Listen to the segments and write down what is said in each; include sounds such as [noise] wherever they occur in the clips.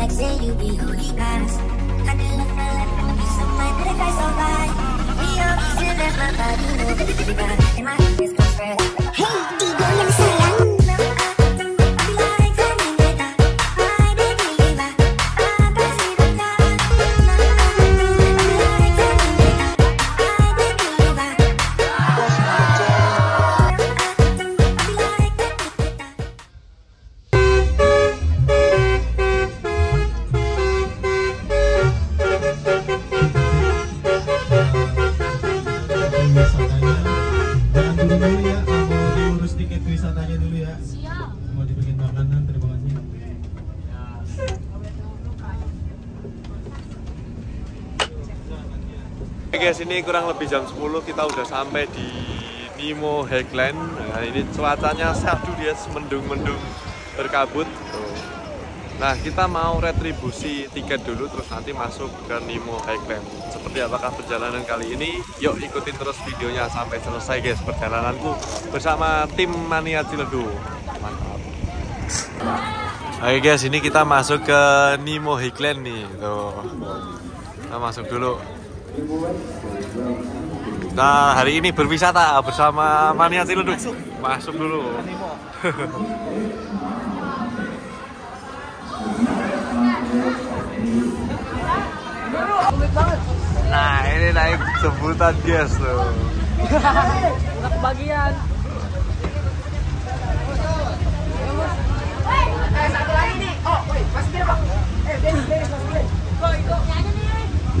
like say you be holy guys. I do look my left be someone that I so We all be let my body, no, but it's bad. And my is Hey, D-Boy. ini kurang lebih jam 10 kita udah sampai di Nemo Highland. Nah, ini cuacanya sadu dia mendung-mendung berkabut. Nah, kita mau retribusi tiket dulu terus nanti masuk ke Nemo Highland. Seperti apakah perjalanan kali ini? Yuk ikutin terus videonya sampai selesai guys perjalananku bersama tim Mania Ciledu. Mantap. Oke guys, ini kita masuk ke Nemo Highland nih. Tuh. Kita masuk dulu. Nah, hari ini berwisata bersama Mania Ciledug. Masuk, Masuk dulu. nah, ini naik sebutan gas tuh. Udah kebagian. Eh, satu lagi nih. Oh, woi, Mas Biro. Eh, Denny, Denny, Mas Biro. Kok itu? 10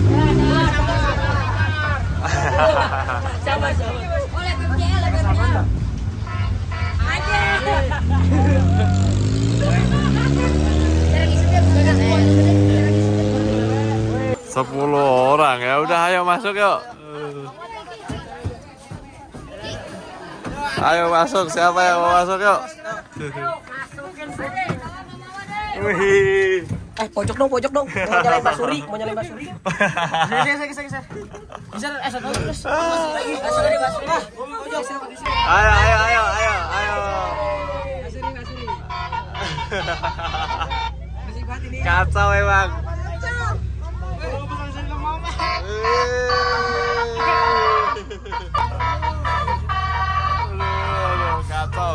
Sepuluh orang ya, udah ayo masuk yuk. Ayo masuk, siapa yang mau masuk yuk? Wih eh pojok dong pojok dong mau nyalain basuri mau nyalain basuri saya saya saya saya bisa eh satu terus lagi basuri basuri ah, ayo ayo ayo ayo ayo basuri basuri kacau emang kacau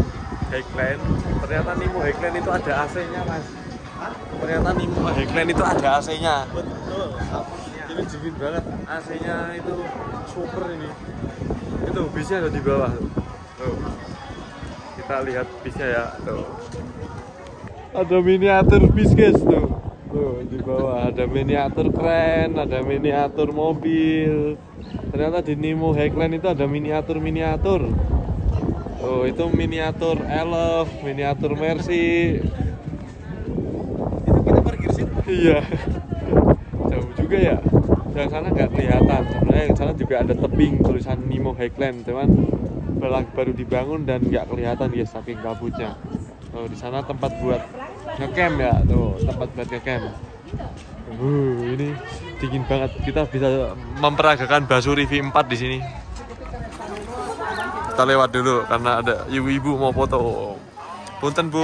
Highland ternyata Nimo Highland itu ada AC nya mas Hah? ternyata Nimo Highland itu ada AC nya betul ini jepit banget AC nya itu super ini itu bisnya ada di bawah tuh, kita lihat bisnya ya tuh ada miniatur bis guys tuh tuh di bawah ada miniatur keren ada miniatur mobil ternyata di Nemo Highland itu ada miniatur miniatur Oh, itu miniatur Elf, miniatur Mercy. itu kita parkir situ. Iya. Jauh juga ya. Yang sana nggak kelihatan. Sebenarnya yang sana juga ada tebing tulisan Nemo Highland, cuman baru dibangun dan nggak kelihatan ya saking kabutnya. Oh, di sana tempat buat ngecamp ya tuh tempat buat ngecamp uh ini dingin banget kita bisa memperagakan Basuri V4 di sini kita lewat dulu karena ada ibu-ibu mau foto. Punten bu.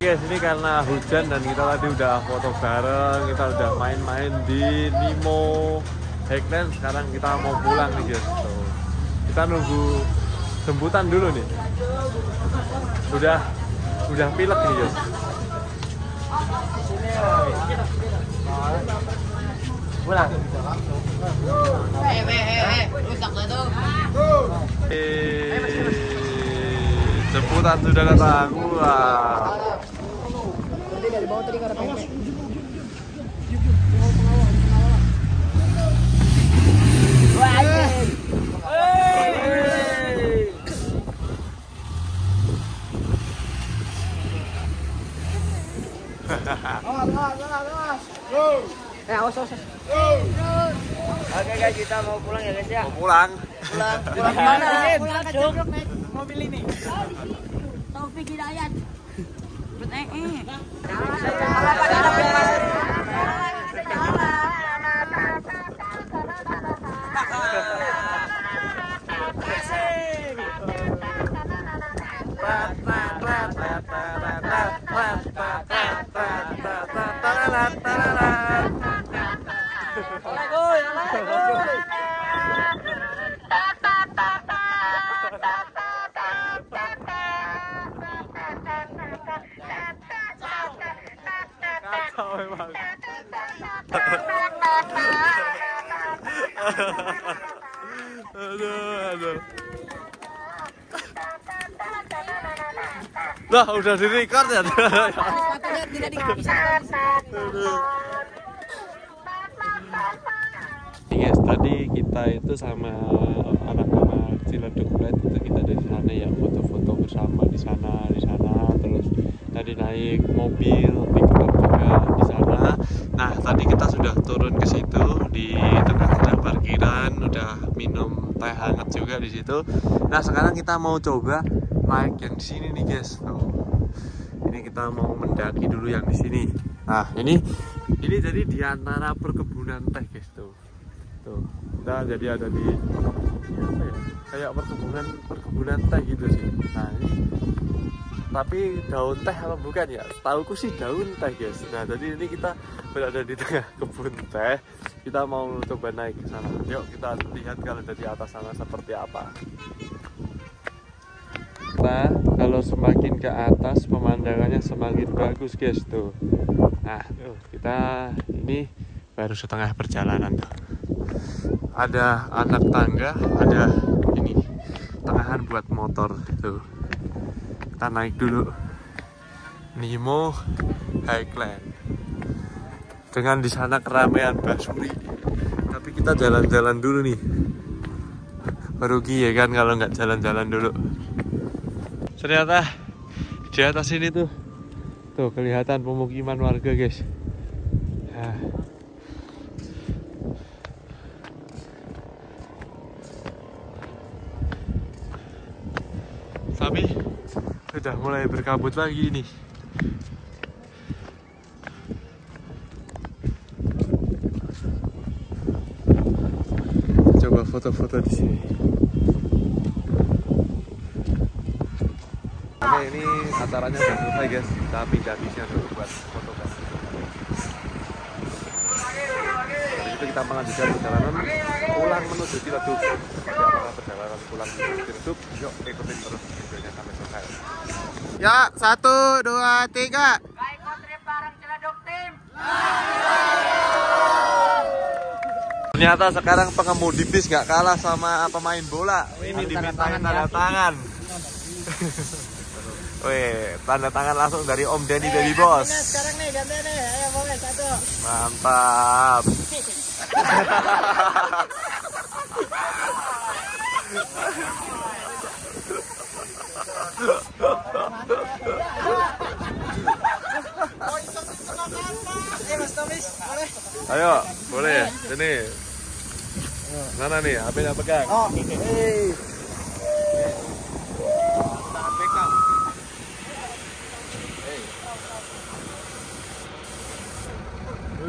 Oke, sini karena hujan dan kita tadi udah foto bareng, kita udah main-main di Nemo Hackland. Sekarang kita mau pulang nih guys. kita nunggu jemputan dulu nih. sudah udah pilek nih guys pulang eh eh eh rusak lah tuh Jemputan sudah datang. Wah. Go. Eh, awas, awas. Oke guys, kita mau pulang ya guys ya. Mau pulang. Pulang. [laughs] Pulang mana? Pulang ke Jogok naik mobil ini. Oh, Taufik Hidayat. Bet eh. eh. udah di record ya sepatunya guys tadi kita itu sama anak-anak Ciledug Pet itu kita dari sana ya foto-foto bersama di sana di sana terus tadi naik mobil pickup juga di sana nah tadi kita sudah turun ke situ di tengah-tengah parkiran udah minum teh hangat juga di situ nah sekarang kita mau coba naik yang di sini nih guys tuh ini kita mau mendaki dulu yang di sini. Nah, ini ini jadi di antara perkebunan teh, guys tuh. Tuh. Kita jadi ada di apa ya? Kayak perkebunan perkebunan teh gitu sih. Nah, ini tapi daun teh apa bukan ya? Tahuku sih daun teh, guys. Nah, jadi ini kita berada di tengah [laughs] kebun teh. Kita mau coba naik ke sana. Yuk, kita lihat kalau dari atas sana seperti apa. Nah, kalau semakin ke atas pemandangannya semakin bagus guys tuh. Nah, kita ini baru setengah perjalanan tuh. Ada anak tangga, ada ini tengahan buat motor tuh. Kita naik dulu. Nemo Highland. Dengan di sana keramaian Basuri. Tapi kita jalan-jalan dulu nih. Rugi ya kan kalau nggak jalan-jalan dulu ternyata di atas sini tuh tuh kelihatan pemukiman warga guys nah. tapi sudah mulai berkabut lagi nih coba foto-foto di sini ini acaranya sudah selesai guys kita pindah bisnya dulu buat fotografi dari itu kita melanjutkan perjalanan pulang menuju Ciledug seperti apakah perjalanan pulang menuju Ciledug yuk ikutin terus videonya sampai selesai ya satu dua tiga Ternyata sekarang pengemudi bis gak kalah sama pemain bola. Ini diminta ya. tanda tangan. [laughs] Weh, tanda tangan langsung dari Om Dani eh, dari Bos. Sekarang nih, gantian nih. Ayo boleh satu. Mantap. Ayo, boleh. Sini. Ya? Mana nih? HP-nya pegang. Oh, hey. Eh,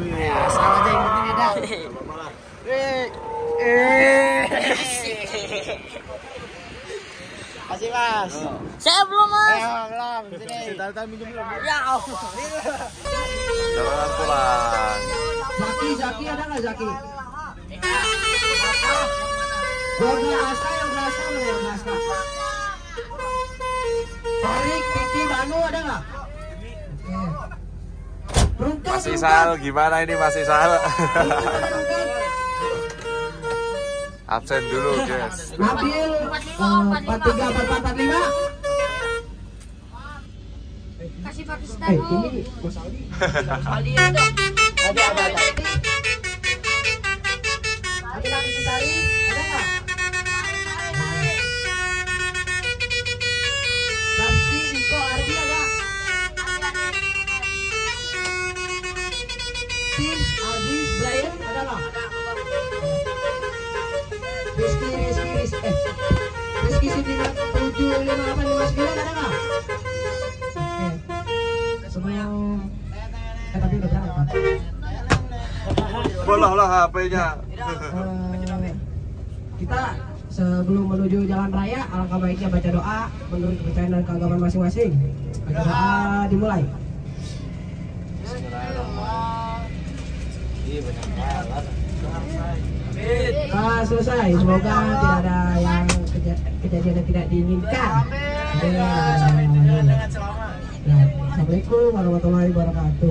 Wih, aja yang penting Kasih Saya belum mas. Eh, belum. Sini. belum. Ya pulang. Zaki, ada nggak Zaki? Yang biasa, yang Piki, Manu ada nggak? Mas Isal gimana ini Mas Isal? Absen dulu guys. Nabil kasih Pakistan eh, ini Mas Aldi Mas ada ada ada kita sebelum menuju jalan raya alangkah baiknya baca doa menurut kepercayaan dan keagamaan masing-masing. doa dimulai. Iya, ah, selesai. Semoga tidak ada yang kejadian yang tidak diinginkan. Ya, amin. Ya. Assalamualaikum warahmatullahi wabarakatuh.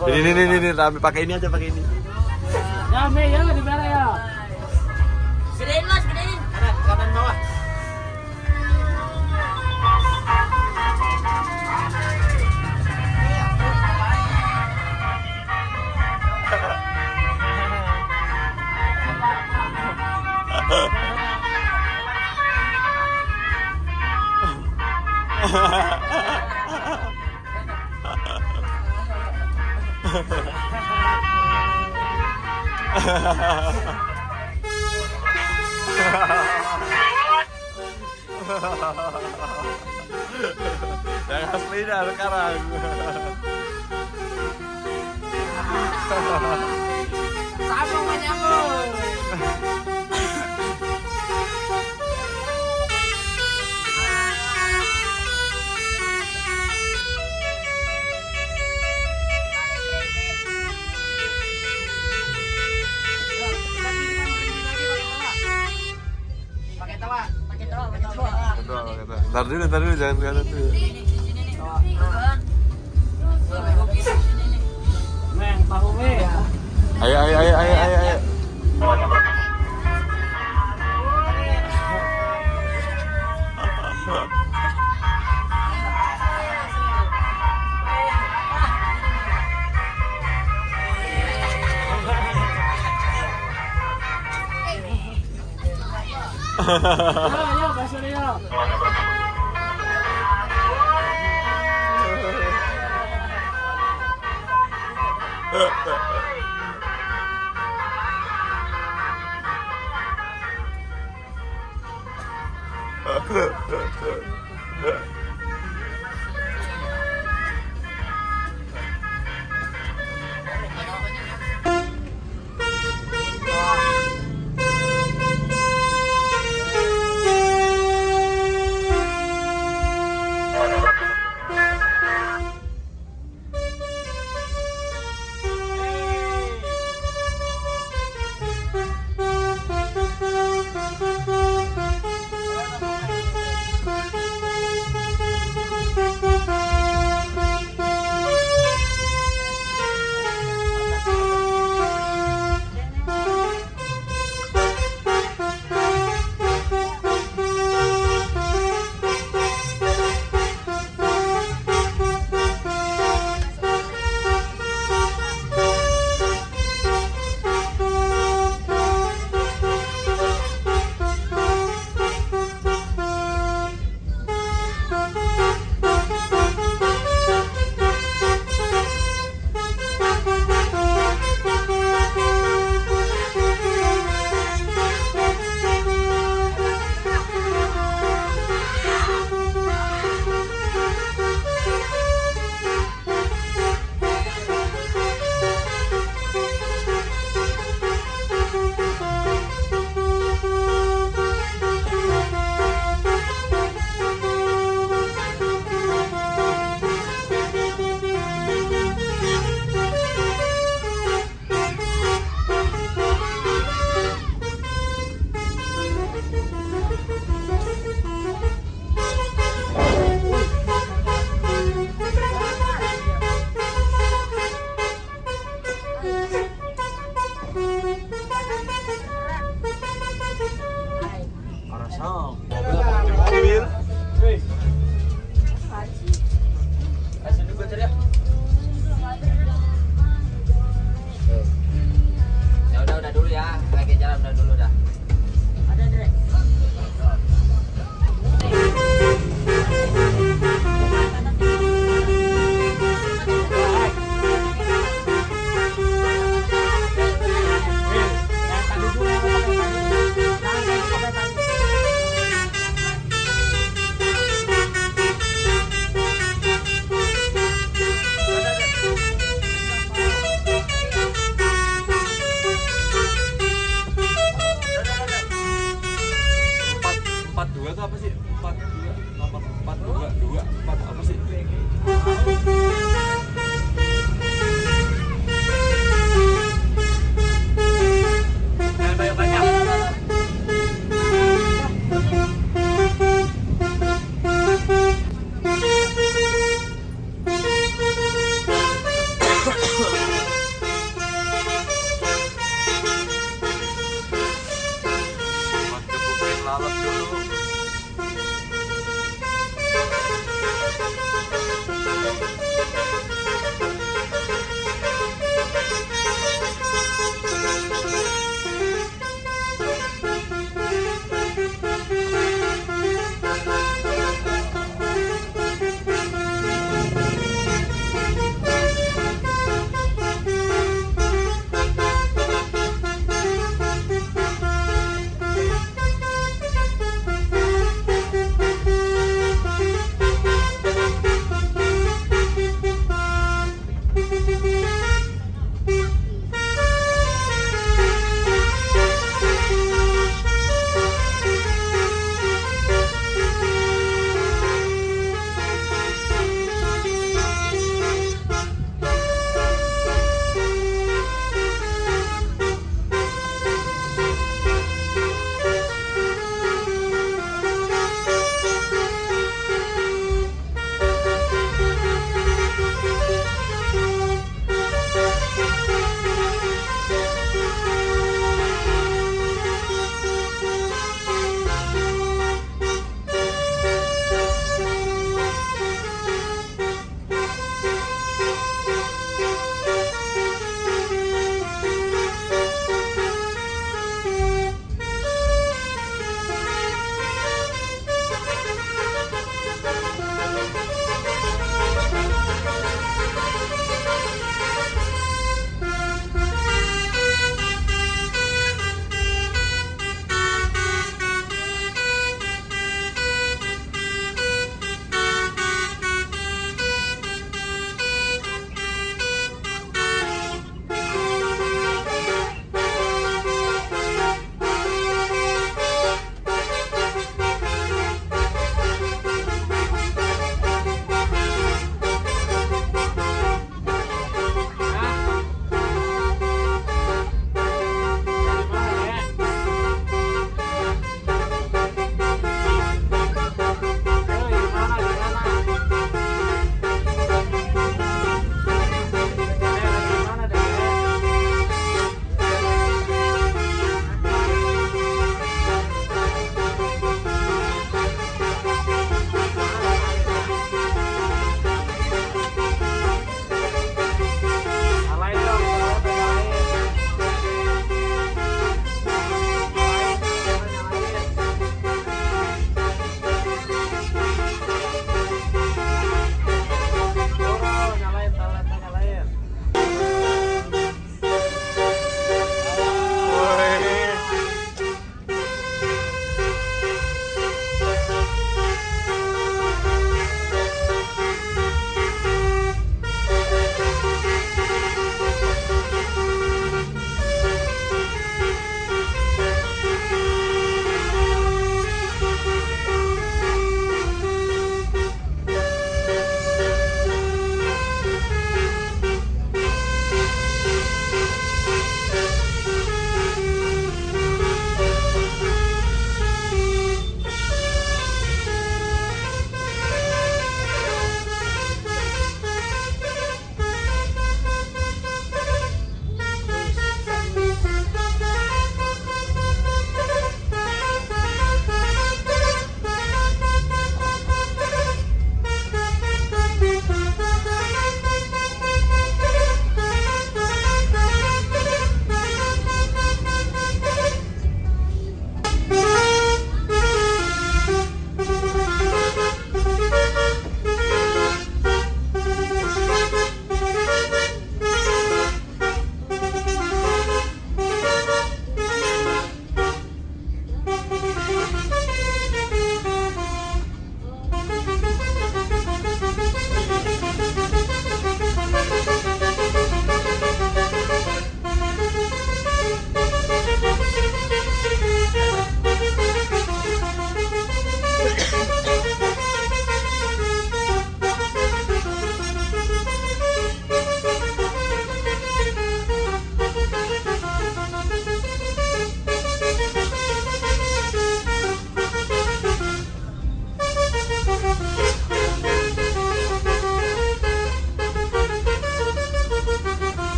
Ini ini ini, ini, pakai ini aja pakai ini. Ya, me, ya, sekarang sama banyak Ntar dulu, ntar dulu, jangan ke dulu. 哎哎哎哎哎！哈哈哈哈哈！[laughs]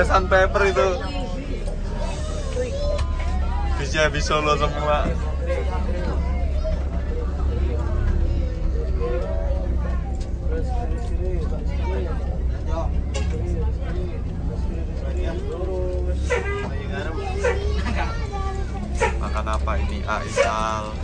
ada sandpaper itu bisa habis solo semua makan apa ini Aisal